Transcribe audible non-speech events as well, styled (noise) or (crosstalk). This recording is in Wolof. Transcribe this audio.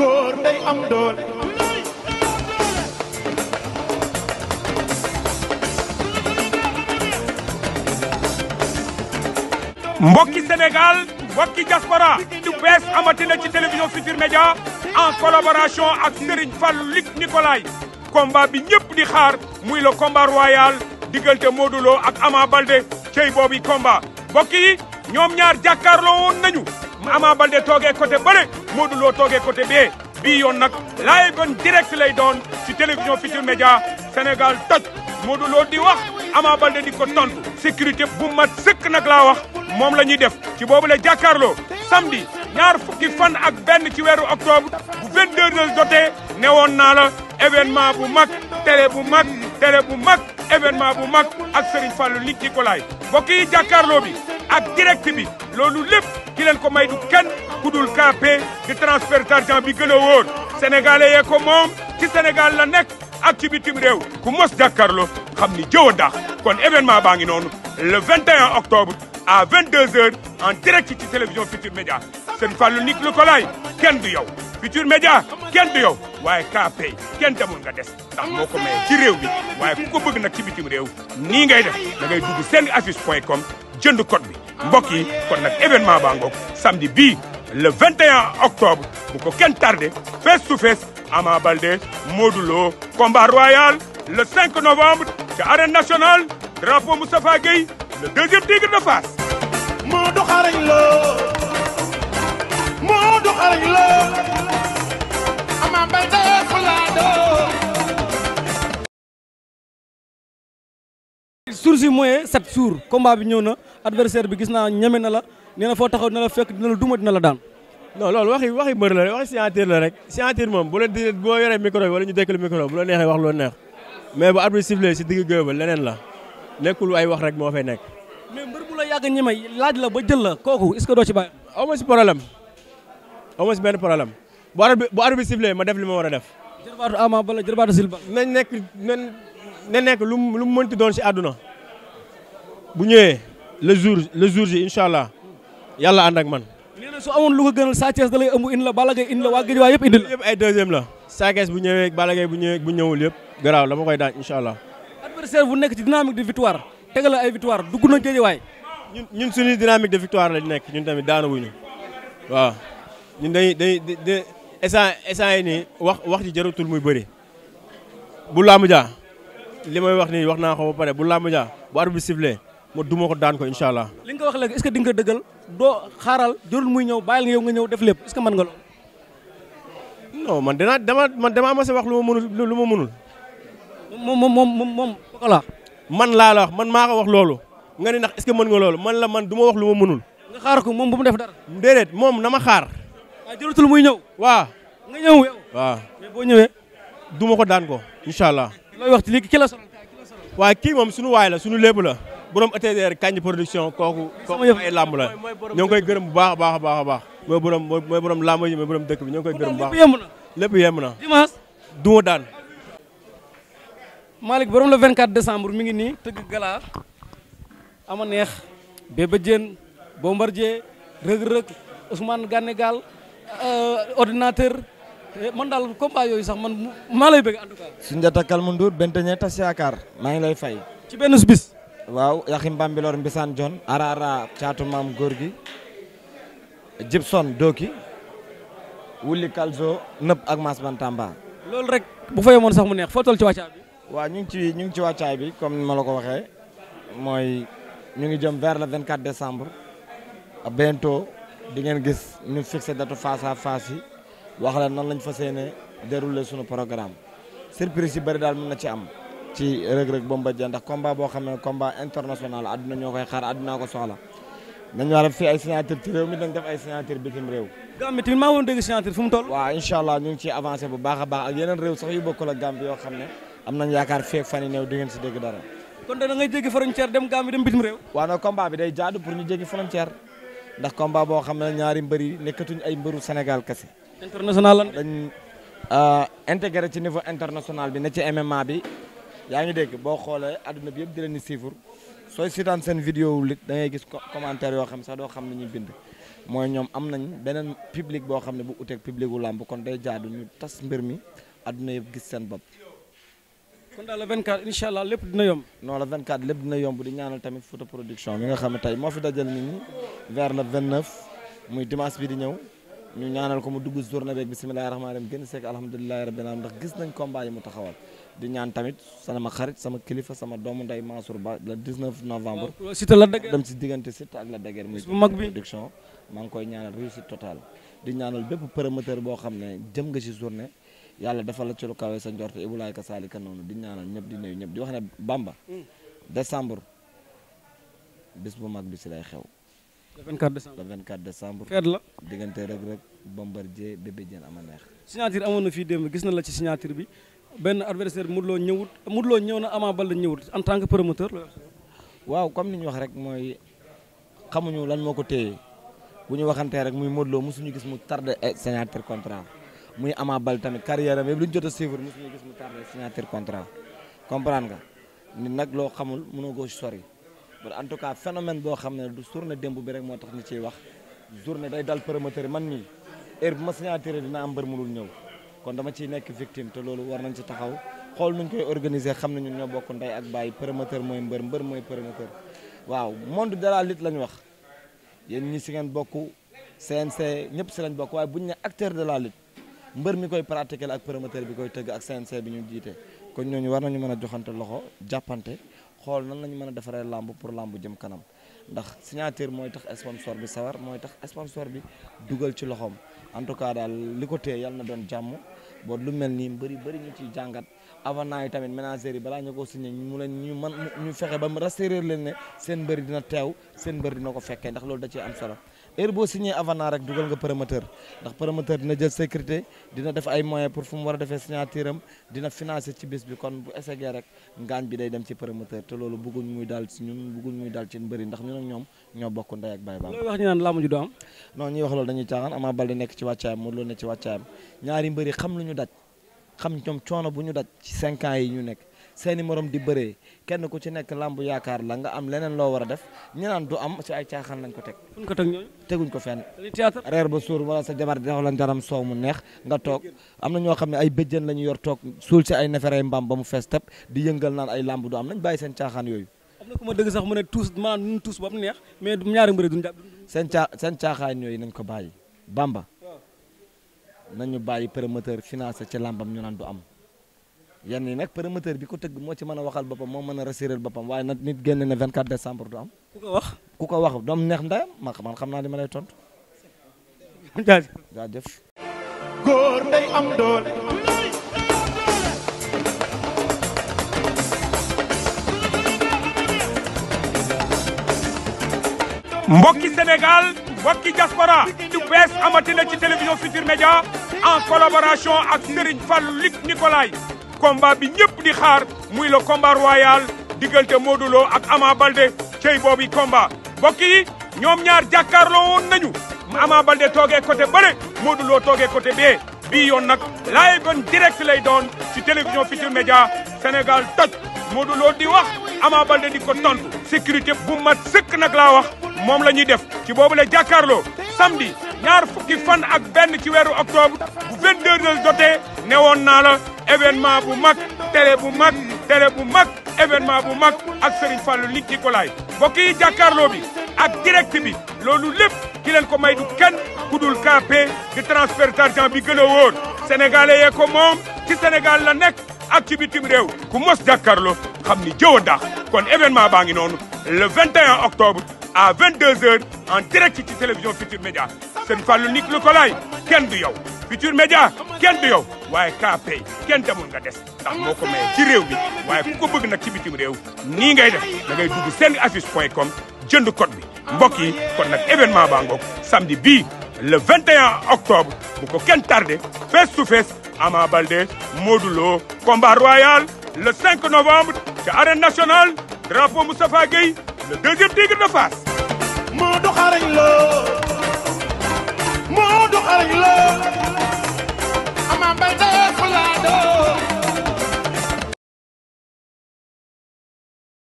góor day am mbokki Sénégal mbokki diaspora du bees amatina ci télévision Futurs Médias en collaboration ak Serigne Fallou Luc Nicolaï combat bi ñëpp di xaar muy le combat royal diggante Modou Lo ak Ama Baldé cey boobu combat mbokk yi ñoom ñaar jàkkaarloo woon nañu Ama Baldé toogee côté bële Modou Lo toogee côté bee bii yoon nag laay ban direct lay doon si télévision Futurs Médias Sénégal toj Modou Lo di wax amaa Baldé di ko tontu sécurité bu mat sëkk nag laa wax moom la ñuy def ci boobu la jàkkaarloo sambi ñaar fukki fan ak benn ci weeru octobre bu 22 heures jotee newoon naa la événement bu mag télé bu mag télé bu mag événement bu mag ak Serigne Fallou Nicolay mbokk yi jàkkaarloo bi ak direct bi loolu lépp ki leen ko may du kenn ku dul KP di transfert d'argent bi gën a wóor sénégalais yee ko moom ci Sénégal la nekk ak ci bi réew ku mos jàkkaarloo xam ni jëw a ndax kon événement baa ngi noonu le 21 octobre à 22h en direct ci télévision Futur Média seen fàllu Luc Nicolaï kenn du yow Futur Média kenn du yow waaye KP kenn demul nga des ndax moo ko maye ci réew mi waaye ku ko bëgg nag ci bitim réew nii ngay def da ngay dugg seen affiche point com jënd code bi mbokk yi kon nag événement baa ngoog samedi bii le 21 bu ko kenn tardé face to face Ama Baldé Modou Lo royal le novembre ca arène nationale drapeau Moustapha Gueye le deuxième tigre de Fass Modou xarañ Lo Modou xarañ Lo Ama Baldé jour si moyen sept jours combat bi ñëw na adversaire bi gis naa ñeme na la nee foo taxaw dina la fekk dina la duma dina la daan non loolu waxi waxi mbër la waxi scientifique la rek scientifique moom di boo yoree micro bi wala ñu dëkkal micro bu la neexee wax loo neex mais bu arbitre si digg géew ba leneen la nekkul ay wax rek moo fay nekk mais mbër bu la yàgg ñeme laaj la ba jël la kooku est doo ci bàyyi aw ma benn problème bu arbitre bu li ma war a def jërbaatu ama bala jërbaatu silba nañ nekk ne nekk lu mu lu mu mënti doon si àdduna bu ñëwee le jour le jour incha allah yàlla ànd ak man. nee na su amoon lu ko gënal Sa Thiès da lay ëmb indi la Balla Gaye indi la waa Guédiawaye yëpp indi la. yëpp ay deuxième la. Sa Thiès bu ñëwee Balla Gaye bu ñëwee bu ñëwul yëpp la dama koy daan incha allah. adversaire bu nekk ci dynamique de victoire tegal ay victoire dugg na Guédiawaye. ñun ñun suñuy dynamique de victoire lañ nekk ñun tamit daanu ñu waaw ñun dañuy dañuy de de wax wax ji jarutul muy bëri li may wax nii wax naa ko ba pare bu làmb ja bu arbitre bi sifflé ma duma ko daan ko incha allah. li nga wax léegi est-ce que di nga dëggal doo xaaral jërul muy ñëw bàyyil nga yow nga ñëw def lépp est nga lool. man danaa dama man damaa mës a wax lu ma mënul lu ma moom moom moom moom man laa la man maa ko wax loolu. nga ne ndax est-ce mën nga loolu man la man du wax lu ma mënul. nga xaar ko moom bu mu def dara. déedéet moom na ma xaar. waaw jëratul muy ñëw. waa nga ñëw yow. waaw mais boo ñëwee. duma ko daan ko incha allah. looy wax ci lii ki la sonal waaye kii moom suñu waay la suñu lépp la borom ETDR Kandji production kooku kooku ay làmb la ñoo ngi koy gërëm bu baax a baax a baax a baax mooy borom mooy borom làmb yi mooy borom dëkk bi ñoo ngi koy gërëm bu baax lépp yem na dimanche duma daan Malick borom le 24 décembre mu ngi nii tëgg gala ama neex Bébé Diène Bombardier Reug Reug Ousmane Gannégal euh, ordinateur Eh, man daal combat yooyu sax man maa lay bëgg en tout cas. Soundiata Calme Ndour Benteñe tas yaakaar maa ngi lay fay. ci benn bis. waaw Yaxin Bambilor Mbisaan John Arara caatu maam góor gi Gibson Doki Wuli Kalzo nëpp ak Mass Bantamba. loolu rek bu fa yemoon sax mu neex foo toll ci wàccaay bi. waaw ñu ngi ci ñu ci wàccaay bi comme ni ma la ko waxee mooy ñu ngi jëm vers le 24 décembre bientôt di ngeen gis ñu fixé date face à yi. wax la nan lañ fas yéene déroulé suñu programme surprise yi bëri daal mën na ci am ci rëg-rëg Bombardier ndax combat boo xam ne combat international àdduna ñoo koy xaar àdduna ko soxla nañu a fi ay signature ci réew ay signature bitim réew. Gambie tamit fu mu toll. waaw incha allah ñu ngi ciy avancé bu baax a baax ak yeneen réew sax yu ne am nañ yaakaar feeg fan yi néew si dégg dara. kon da ngay jéggi frontière dem Gambie dem bitim réew. waaw nag combat bi day jaadu pour ñu jéggi frontière ndax combat boo xam ne ñaari mbër yi nekkatuñ ay mbëru Sénégal kese international lan dañ euh, intégré ci niveau international bi ne ci MMA bi yaa ngi dégg boo xoolee àdduna bi yëpp di leen di suivre sooy seetaan seen vidéo lit da ngay gis commentaire yoo xam sax doo xam ni ñuy bind mooy ñoom am nañ beneen public boo xam ne bu uteeg public wu làmb kon day jaadu ñu tas mbir mi adduna yëpp gis seen bopp. kon daal la 24 incha allah lépp dina yomb. non la 24 lépp dina yomb di ñaanal tamit photo production bi nga xam ne tey moo fi dajal nit ñi vers le 29 muy dimanche bi di ñëw. ñu ñaanal ko mu dugg si journée beeg bisimilahi rahmaani rahim gën seek alhamdulilahi rabbil alamin ndax gis nañ combat yi mu taxawal di ñaan tamit sama xarit sama kilifa sama doomu nday Mansour Ba le 19 novembre dem si diggante Siteu ak la déguèr muy production maa ngi koy ñaanal réussite total di ñaanal bépp promoteur boo xam ne jëm nga si journée yàlla defal la ci lu kawe sa njorte ibulaay ka saalika noonu di ñaanal ñëpp di nuyu ñëpp di wax ne Bamba mm. décembre bis bu mag bi si lay xew le 24 décembre le 24 décembre. feet la diggante Reug Reug Bombardier Bébé Diène ama signature amoon na fii démb gis na la ci signature bi benn adversaire Modou Lô ñëwut Modou Lô ñëw na Ama Baldé ñëwut en tant que promoteur. waaw comme ni ñu wax rek mooy xamuñu lan moo ko téye bu ñu waxantee rek muy Modou Lô mosuñu gis mu tardé signature contrat muy Ama Baldé tamit carrière am yëpp lu ñu jot a suivre mosuñu gis mu tardé signature contrat comprendre nga nit nag loo xamul mënoo ko sori. en tout cas phénomène boo xam ne du journée démb bi rek moo tax ñu ciy wax journée day dal promoteur man mii heure bu ma signature dina am mbër mu ñëw kon dama ciy nekk victime te loolu war nañ ci taxaw xool nuñ koy organiser xam ne ñun ñoo bokk ndey ak bàyyi promoteur mooy mbër mbër mooy promoteur waaw monde dalaalit la lutte wax yéen ñi si ngeen bokk CNC ñëpp si lañ bokk waaye buñ ne acteur de la lutte mbër mi koy pratiquer la ak promoteur bi koy tëgg ak CNC bi ñu jiite kon ñooñu war nañu mën a joxante loxo jàppante xool nan la ñu mën a defaree làmb pour lamb jëm kanam ndax signature mooy tax sponsor bi sawar mooy tax sponsor bi dugal ci loxoom en tout cas daal li ko téye yàlla na doon jàmm boo lu mel nii bëri bëri ñu ciy jàngat avant yi tamit ménagères yi balaa ñu ko signé mu leen ñu man ñu fexe ba mu rassurer leen ne seen mbër dina teew seen mbër dina ko fekkee ndax loolu da ciy am solo heure boo signé avenant rek dugal nga promoteur ndax promoteur dina jël sécurité dina def ay moyens pour fu mu war a defee signature am dina financer ci bis bi kon bu essayé rek ngaañ bi day dem ci promoteur te loolu bëgguñ muy daal ci ñun bëgguñ muy daal ci mbëri ndax ñun ak ñoom ñoo bokku ndey ak baay ba looy wax ñu naan làmb ju du am non ñuy wax loolu dañuy caaxaan Ama Baldé nekk ci wàccaayam Modou Lô nekk ci wàccaayam ñaari mbëri xam lu ñu daj xam ñoom coono bu ñu daj ci cinq yi ñu nekk seeni moroom di bëree kenn ku ci nekk làmb yaakaar la nga am leneen loo war a def ñu du am ci ay caaxaan lañ ko teg. fuñ ko teg ñooñu teguñ ko fenn. théâtre reer ba suur wala sa jabar di def la njaram soow mu neex nga toog am na ñoo xam ne ay bëjjën la ñu yor toog suul ci ay neefere mbaam ba mu fees tëb di yëngal naan ay làmb du am nañ bàyyi seen caaxaan yooyu. am na ku sax mu ne tuus maanaam ba mu neex mais du ñaari mbëri duñ jàpp. seen caa seen caaxaan yooyu nañ ko bàyyi Bamba nañu bàyyi promoteur financé ci làmbam ñu naan du am yenn yi nag promoteur bi ko tëgg moo ci mën a waxal boppam moo mën a rassurer boppam waaye nag nit génn ne 24 décembre du am. ku ko wax ku ko wax doom neex ndayam ma man xam naa li ma lay tontu. (laughs) jaajëf jaajëf. am doole. mbokki Sénégal mbokki diaspora du bees amatina ci télévision Futurs Médias en collaboration ak Serigne Fallou combat bi ñëpp di xaar muy le combat royal diggante Modou Lo ak Ama Balde cey boobu combat mbokk yi ñoom ñaar jàkkaarloo woon nañu Ama Balde toogee côté bële Modou Lo toogee côté bee bii yoon nag laay bon direct lay doon si télévision Futurs Médias Sénégal toj Modou Lo di wax Ama Balde di ko tontu sécurité bu mat sëkk nag laa wax moom la ñuy def ci boobu la jàkkaarloo samedi ñaar fukki fan ak benn ci weeru octobre bu 22 heures jotee newoon naa la événement bu mag télé bu mag télé bu mag événement bu mag ak Serigne Fallou Luc Nicolaï mbokk yi jàkkaarloo bi ak direct bi loolu lépp ki leen ko may du kenn ku dul KP di transfert d'argent bi gën a wóor sénégalais yee ko moom ci Sénégal la nekk ak ci bitim réew ku mos jàkkaarloo xam ni jëw a ndax kon événement baa ngi noonu le 21 octobre à 22h en direct ci télévision Futur Média Serigne Fallou Luc Nicolaï kenn du yow Futur Média kenn du yow waaye kaapay kenn demul nga des ndax moo ko maye ci réew mi waaye ku ko bëgg nag ci bitim réew nii ngay de da ngay dugg seen affiche point com jënd code bi mbokk yi kon nag événement baa ngoog samedi bii le 21 octobre bu ko kenn tardé face to face Ama Baldé Modou Lo combat royal le 5 novembre ca arène nationale drapeau Moustapha Gueye le deuxième tigre de Fass Modou xarañ lo Modou xarañ lo Ama Mbaye